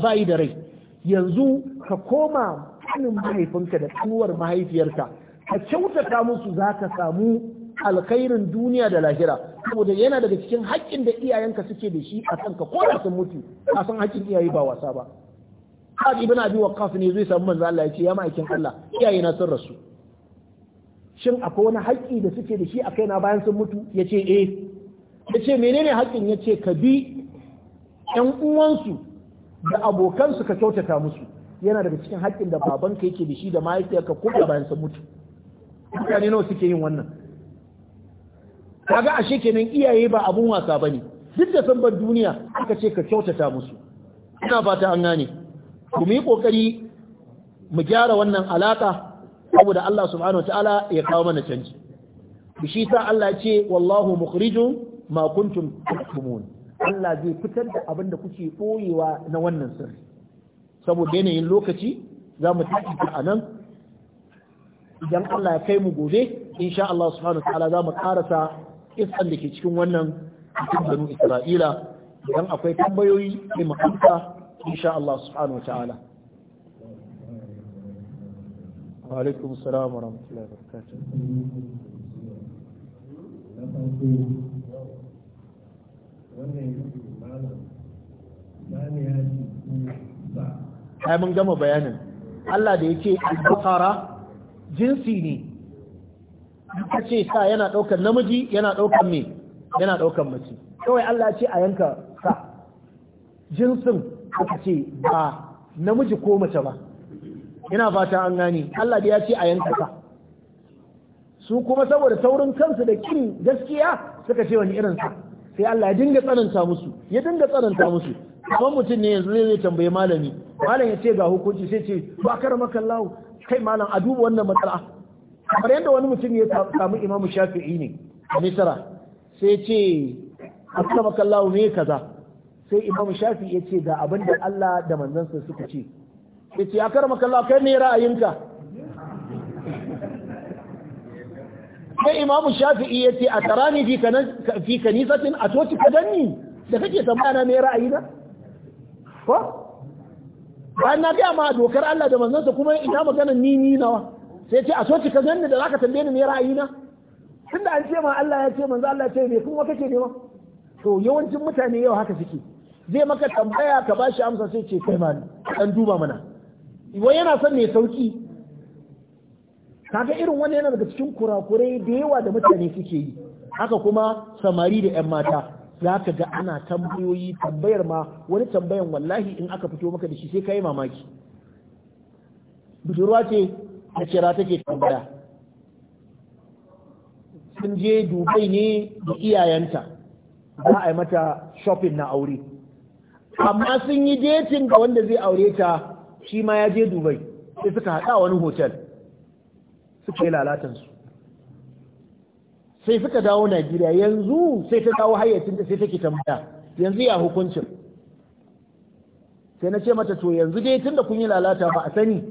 ba yi da rai yanzu ka koma kanin mahaifinka da tsuwar mahaifiyarka ka kyautata musu za ka samu alkhairin duniya da lahira saboda yana daga cikin haƙƙin da iyayenka suke da shi a kanka ko da sun mutu a san haƙƙin iyaye ba wasa ba Sa'ad ibn Abi Waqqas ne zai samu manzo Allah ya ce ya ma'aikin Allah iyaye na sun rasu shin akwai wani haƙƙi da suke da shi a kaina bayan sun mutu ya ce eh ya ce menene haƙƙin ya ce ka bi ƴan uwansu da abokansu ka kyautata musu yana daga cikin haƙƙin da babanka yake da shi da mahaifiyarka ko da bayan sun mutu mutane nawa suke yin wannan kaga ashe kenan iyaye ba abun wasa bane duk da san duniya aka ce ka kyautata musu ina fata an gane ku yi kokari mu gyara wannan alaka saboda Allah subhanahu wataala ya kawo mana canji shi ta Allah ce wallahu mukhrijum ma kuntum taktumun Allah zai fitar da abin da kuke ɓoyewa na wannan sirri saboda yanayin lokaci za mu tafi a nan idan Allah ya kai mu gobe insha Allah subhanahu wataala za mu karasa isan da ke cikin wannan cikin banu Isra'ila idan akwai tambayoyi sai mu amsa insha Allah subhanahu wa ta'ala wa alaikum assalam wa rahmatullahi wa barakatuh ai mun gama bayanin Allah da yake al-baqara jinsi ne ka ce sa yana ɗaukar namiji yana ɗaukar me yana ɗaukar mace kawai Allah ce a yanka sa jinsin aka ce ba namiji ko mace ba ina fata an gane Allah da ya ce a yanka ka su kuma saboda saurin kansu da kin gaskiya suka ce wani irin sa sai Allah ya dinga tsananta musu ya dinga tsananta musu Kuma mutum ne yanzu zai tambaye malami malam ya ce ga hukunci sai ce ba karamaka Allah kai malam a duba wannan matsala kamar yadda wani mutum ya samu imamu shafi'i ne a sai ce akramaka Allah ne kaza sai imam shafi ya ce ga abin da Allah da manzansa suka ce ya ce ya karma kalla kai ne ra'ayinka sai imam shafi ya ce a tarani fi kanisatin a toci ka danni da kake tambana ne ra'ayina ko bayan na gaya ma dokar Allah da manzansa kuma ina maganin ni ni nawa sai ce a toci ka danni da zaka tambaye ni ne ra'ayina tunda an ce ma Allah ya ce manzo Allah ya ce me kuma kake nema to yawancin mutane yau haka suke zai maka tambaya ka bashi amsa sai ce kai ma dan duba mana wai yana son mai sauki kaga irin wani yana daga cikin kurakurai da yawa da mutane suke yi haka kuma samari da yan mata za ka ga ana tambayoyi tambayar ma wani tambayan wallahi in aka fito maka da shi sai kai mamaki budurwa ce a kira take tambaya sun je dubai ne da iyayenta za a yi mata shopping na aure amma sun yi dating ga wanda zai aure ta shi ma ya je dubai sai suka haɗa wani hotel suka yi lalatansu sai suka dawo najeriya yanzu sai ta dawo hayyacin da sai take tambaya yanzu ya hukuncin sai na ce mata to yanzu dai tunda kun yi lalata ba a sani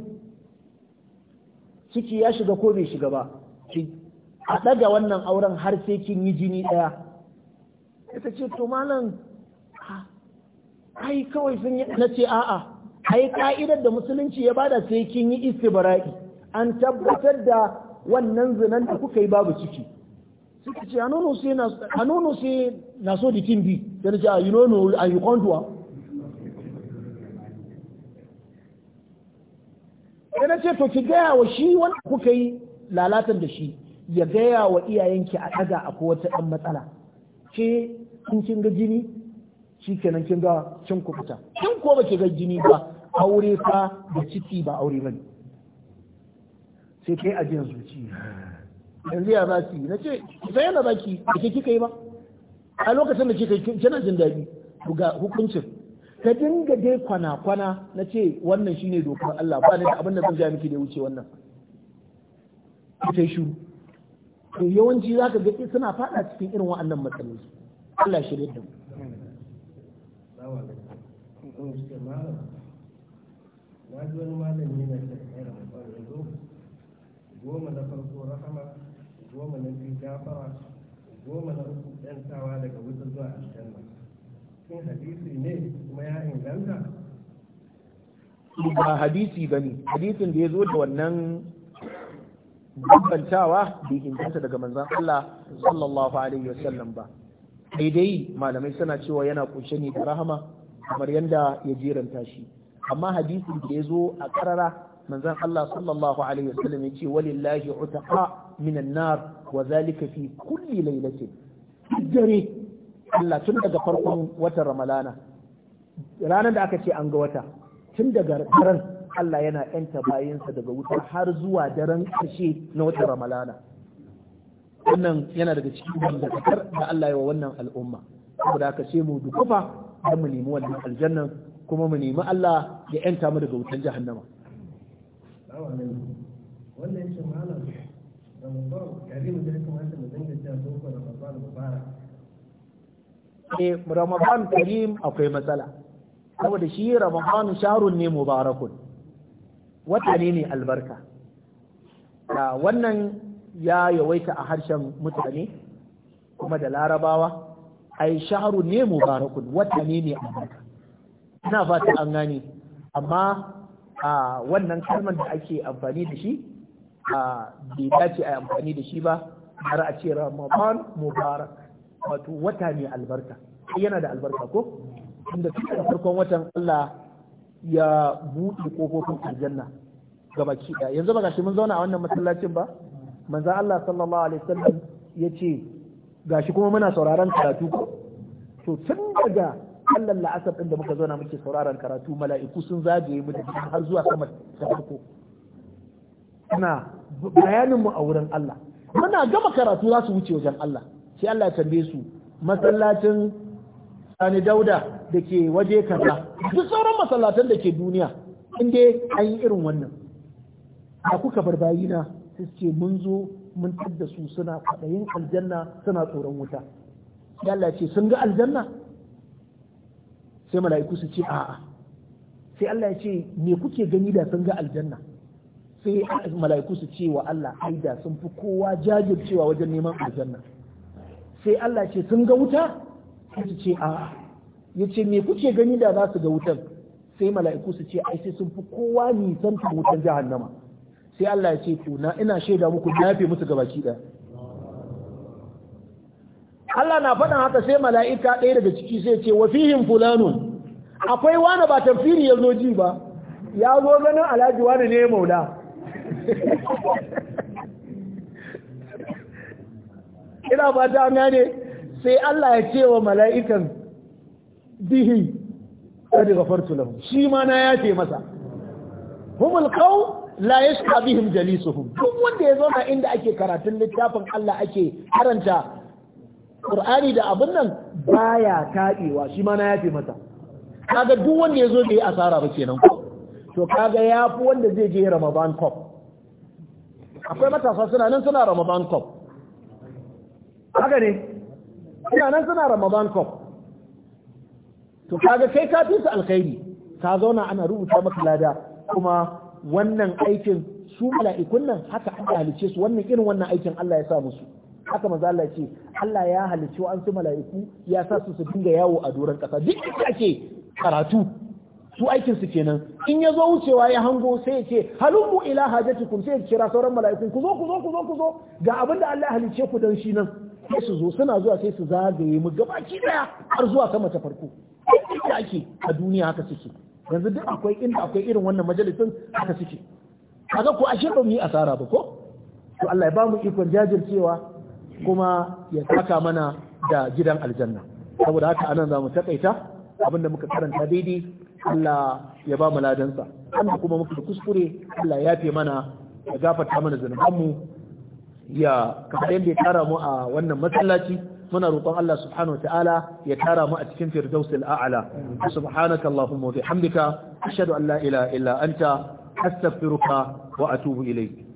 ciki ya shiga ko bai shiga ba a ɗaga wannan auren har sai kin yi jini ɗaya ita ce to malam ai kawai sun yi na ce a'a ai ka'idar da musulunci ya bada sai kin yi istibara'i an tabbatar da wannan zinan da kuka yi babu ciki suka ce a sai sai na so dikin bi yana ce ah, you know are ah, you contour yana ce to ki gaya wa shi wanda kuka yi lalatar da shi ya gaya wa iyayenki a daga akwai wata ɗan matsala Ke in kin ga jini shikenan kin ga ku fita, kin ko baki ga jini ba aure fa da ciki ba aure bane sai kai ajin zuci yanzu ya za ki na ce sai yana baki da ke kika yi ba a lokacin da kika kina jin daɗi ga hukuncin ka dinga dai kwana-kwana na ce wannan shine dokar Allah ba ne da abin da zan ja miki da wuce wannan sai shiru to yawanci zaka ga suna fada cikin irin wa'annan matsaloli Allah shirye da mu assalamu alaikum in ce malam na ji wani malami na ce ɗaya da zo goma na farko rahama goma na biyu gafara goma na uku ɗantawa daga wutar zuwa aljanna shin hadisi ne kuma ya inganta ba hadisi ba ne hadisin da ya zo da wannan bambantawa bai inganta daga manzan Allah sallallahu alaihi wasallam ba sai malamai suna cewa yana kunshe ne da rahama kamar yadda ya jeranta shi amma hadisin da ya zo a karara manzon Allah sallallahu alaihi wasallam yace walillahi utaqa minan nar wa zalika fi kulli dare Allah tun daga farkon watan Ramalana ranar da aka ce an ga wata tun daga daren Allah yana yanta bayinsa daga wuta har zuwa daren ƙarshe na watan Ramalana wannan yana daga cikin dangantakar da Allah ya wa wannan al'umma saboda aka ce mu dukufa don mu nemi wannan aljannan kuma mu nemi Allah ya yanta mu daga wutan jahannama eh Ramadan karim akwai matsala saboda shi Ramadan sharun ne mubarakun wata ne ne albarka ah, wannan ya yawaita a harshen mutane kuma da larabawa ai shaharu ne mubarakun wata ne a albarka ina fata an gane amma a wannan kalmar da ake amfani da shi a bai dace a amfani da shi ba har a ce ramadan mubarak wato wata ne albarka yana da albarka ko inda cikin farkon watan Allah ya buɗe kofofin aljanna ga baki yanzu ba gashi mun zauna a wannan masallacin ba manzo Allah sallallahu alaihi wasallam yace gashi kuma muna sauraron karatu ko to tun daga Allah la'asar din da muka zauna muke sauraron karatu mala'iku sun zagaye mu har zuwa sama ta farko ina bayanin mu a wurin Allah muna gama karatu za su wuce wajen Allah sai Allah ya tambaye su masallacin Sani Dauda da ke waje kaza duk sauran masallatan da ke duniya in dai an yi irin wannan a kuka barbayina? sai ce mun zo mun tadda su suna kwaɗayin aljanna suna tsoron wuta sai Allah ce sun ga aljanna sai mala'iku su ce a'a sai Allah ya ce me kuke gani da sun ga aljanna sai mala'iku su ce wa Allah ai da sun fi kowa jajircewa wajen neman aljanna sai Allah ce sun ga wuta su ce a'a ya ce me kuke gani da za su ga wutan sai mala'iku su ce ai sai sun fi kowa nisan wutan jahannama sai Allah ya ce to na ina shaida muku na yafe musu gabaki da. Allah na faɗan haka sai mala'ika ɗaya daga ciki sai ce wa fihim fulanun akwai wani ba tafsiri ya zo ji ba ya zo ganin alhaji wani ne maula ina ba ta gane sai Allah ya ce wa mala'ikan bihi kadi gafartu lahu shi ma na yafe masa humul qaw la yashqa bihim jalisuhum duk wanda ya zauna inda ake karatun littafin Allah ake karanta Qur'ani da abin nan baya taɓewa shi ma na yafe masa kaga duk wanda ya zo bai asara ba kenan ko to kaga yafi wanda zai je Ramadan cup akwai matasa suna nan suna Ramadan cup haka ne suna nan suna Ramadan cup to kaga kai ka fi su alkhairi ka zauna ana rubuta maka lada kuma wannan aikin su mala'ikun nan haka aka halice su wannan irin wannan aikin Allah ya sa musu haka maza Allah ce Allah ya halice wa an su mala'iku ya sa su su dinga yawo a doran kasa duk inda ake karatu su aikin su kenan in ya zo wucewa ya hango sai ya ce halumu ila hajatikum sai ya kira sauran mala'ikun ku zo ku zo ku zo ku zo ga abin da Allah ya halice ku dan shi nan sai su zo suna zuwa sai su zagaye mu gabaki daya har zuwa sama ta farko Duk inda ake a duniya haka suke yanzu duk akwai inda akwai irin wannan majalisin haka suke kaga ko a ba mu yi asara ba ko to Allah ya ba mu ikon jajircewa kuma ya saka mana da gidan aljanna saboda haka anan za mu takaita abinda muka karanta daidai Allah ya ba mu ladansa da kuma muka kuskure Allah ya yafe mana ya gafarta mana zanubanmu ya kafa yadda ya kara mu a wannan masallaci muna roƙon Allah subhanahu ta'ala ya tara mu a cikin firdausil a'la subhanaka allahumma wa bihamdika ashhadu an la ilaha illa anta astaghfiruka wa atubu ilayk